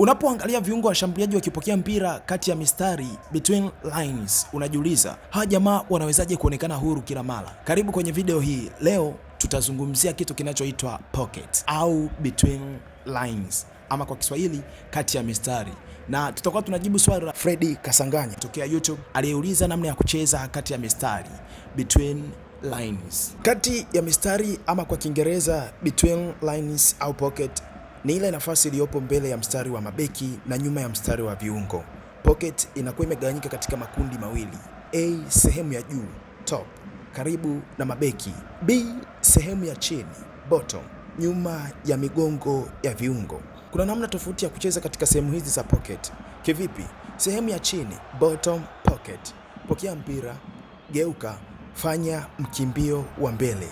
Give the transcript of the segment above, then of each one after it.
Unapoangalia viungo washambuliaji wakipokea mpira kati ya mistari between lines, unajiuliza hawa jamaa wanawezaje kuonekana huru kila mara? Karibu kwenye video hii. Leo tutazungumzia kitu kinachoitwa pocket au between lines ama kwa Kiswahili kati ya mistari, na tutakuwa tunajibu swali la Freddy Kasanganya tokea YouTube aliyeuliza namna ya kucheza kati ya mistari between lines. Kati ya mistari ama kwa Kiingereza between lines au pocket ni ile nafasi iliyopo mbele ya mstari wa mabeki na nyuma ya mstari wa viungo. Pocket inakuwa imegawanyika katika makundi mawili: A, sehemu ya juu top, karibu na mabeki; B, sehemu ya chini bottom, nyuma ya migongo ya viungo. Kuna namna tofauti ya kucheza katika sehemu hizi za pocket. Kivipi? Sehemu ya chini bottom pocket, pokea mpira, geuka, fanya mkimbio wa mbele,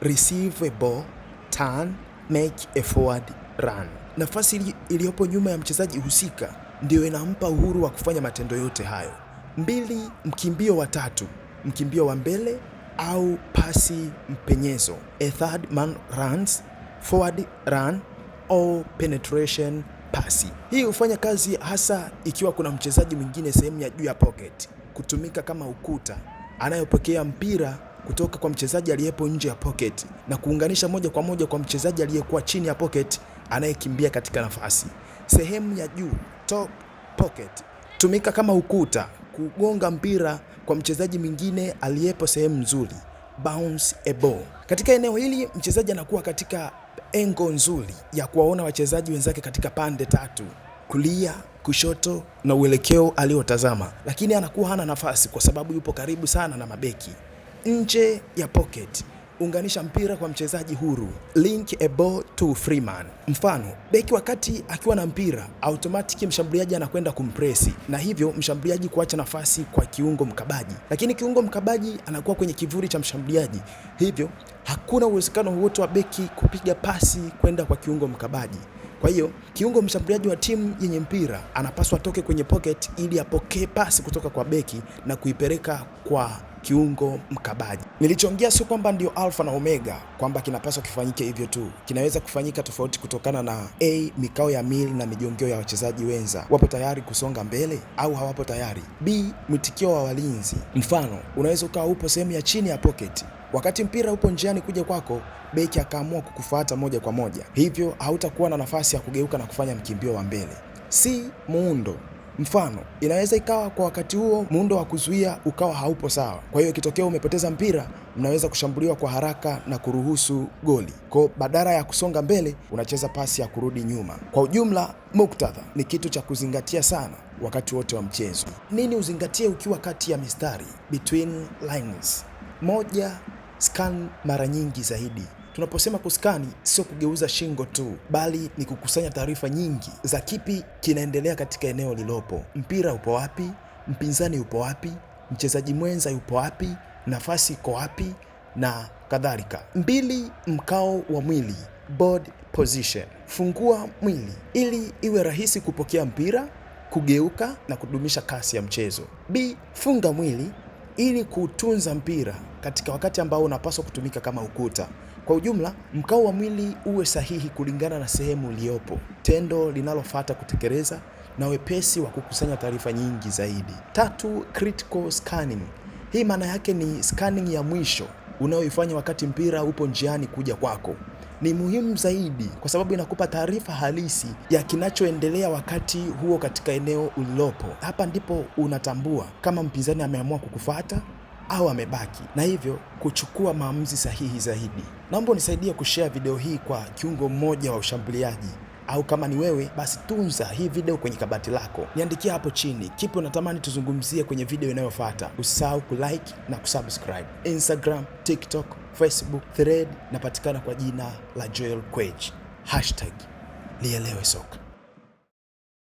receive a ball, turn, make a forward run. Nafasi iliyopo nyuma ya mchezaji husika ndiyo inampa uhuru wa kufanya matendo yote hayo. Mbili, mkimbio wa tatu, mkimbio wa mbele au pasi mpenyezo, a third man runs, forward run au penetration pasi. Hii hufanya kazi hasa ikiwa kuna mchezaji mwingine sehemu ya juu ya pocket, kutumika kama ukuta anayopokea mpira kutoka kwa mchezaji aliyepo nje ya pocket na kuunganisha moja kwa moja kwa mchezaji aliyekuwa chini ya pocket anayekimbia katika nafasi. Sehemu ya juu top pocket, tumika kama ukuta kugonga mpira kwa mchezaji mwingine aliyepo sehemu nzuri, bounce a ball. Katika eneo hili mchezaji anakuwa katika engo nzuri ya kuwaona wachezaji wenzake katika pande tatu, kulia, kushoto na uelekeo aliotazama, lakini anakuwa hana nafasi kwa sababu yupo karibu sana na mabeki. Nje ya pocket unganisha mpira kwa mchezaji huru, link a ball to Freeman. Mfano, beki wakati akiwa na mpira automatic mshambuliaji anakwenda kumpresi na hivyo mshambuliaji kuacha nafasi kwa kiungo mkabaji, lakini kiungo mkabaji anakuwa kwenye kivuli cha mshambuliaji, hivyo hakuna uwezekano wowote wa beki kupiga pasi kwenda kwa kiungo mkabaji. Kwa hiyo kiungo mshambuliaji wa timu yenye mpira anapaswa atoke kwenye pocket ili apokee pasi kutoka kwa beki na kuipeleka kwa kiungo mkabaji. Nilichoongea sio kwamba ndio alfa na omega, kwamba kinapaswa kifanyike hivyo tu, kinaweza kufanyika tofauti kutokana na a mikao ya mili na mijongeo ya wachezaji wenza, wapo tayari kusonga mbele au hawapo tayari, b mwitikio wa walinzi. Mfano, unaweza ukawa upo sehemu ya chini ya poketi wakati mpira upo njiani kuja kwako, beki akaamua kukufuata moja kwa moja, hivyo hautakuwa na nafasi ya kugeuka na kufanya mkimbio wa mbele. Si muundo Mfano, inaweza ikawa kwa wakati huo muundo wa kuzuia ukawa haupo sawa, kwa hiyo ikitokea umepoteza mpira, mnaweza kushambuliwa kwa haraka na kuruhusu goli. Kwa badala ya kusonga mbele, unacheza pasi ya kurudi nyuma. Kwa ujumla, muktadha ni kitu cha kuzingatia sana wakati wote wa mchezo. Nini uzingatie ukiwa kati ya mistari, between lines? Moja, scan mara nyingi zaidi. Tunaposema kuskani sio kugeuza shingo tu, bali ni kukusanya taarifa nyingi za kipi kinaendelea katika eneo lilopo. Mpira upo wapi? Mpinzani upo wapi? Mchezaji mwenza yupo wapi? Nafasi iko wapi? na kadhalika. Mbili, mkao wa mwili body position. Fungua mwili ili iwe rahisi kupokea mpira, kugeuka na kudumisha kasi ya mchezo. B, funga mwili ili kuutunza mpira katika wakati ambao unapaswa kutumika kama ukuta. Kwa ujumla, mkao wa mwili uwe sahihi kulingana na sehemu iliyopo, tendo linalofuata kutekeleza, na wepesi wa kukusanya taarifa nyingi zaidi. Tatu, critical scanning. Hii maana yake ni scanning ya mwisho unaoifanya wakati mpira upo njiani kuja kwako. Ni muhimu zaidi kwa sababu inakupa taarifa halisi ya kinachoendelea wakati huo katika eneo ulilopo. Hapa ndipo unatambua kama mpinzani ameamua kukufuata au amebaki na hivyo kuchukua maamuzi sahihi zaidi. Naomba unisaidie kushare video hii kwa kiungo mmoja wa ushambuliaji au kama ni wewe basi tunza hii video kwenye kabati lako. Niandikia hapo chini kipi unatamani tuzungumzie kwenye video inayofuata. Usisahau kulike na kusubscribe. Instagram, TikTok, Facebook, Thread napatikana kwa jina la Joel Kwej. Hashtag lielewe soka.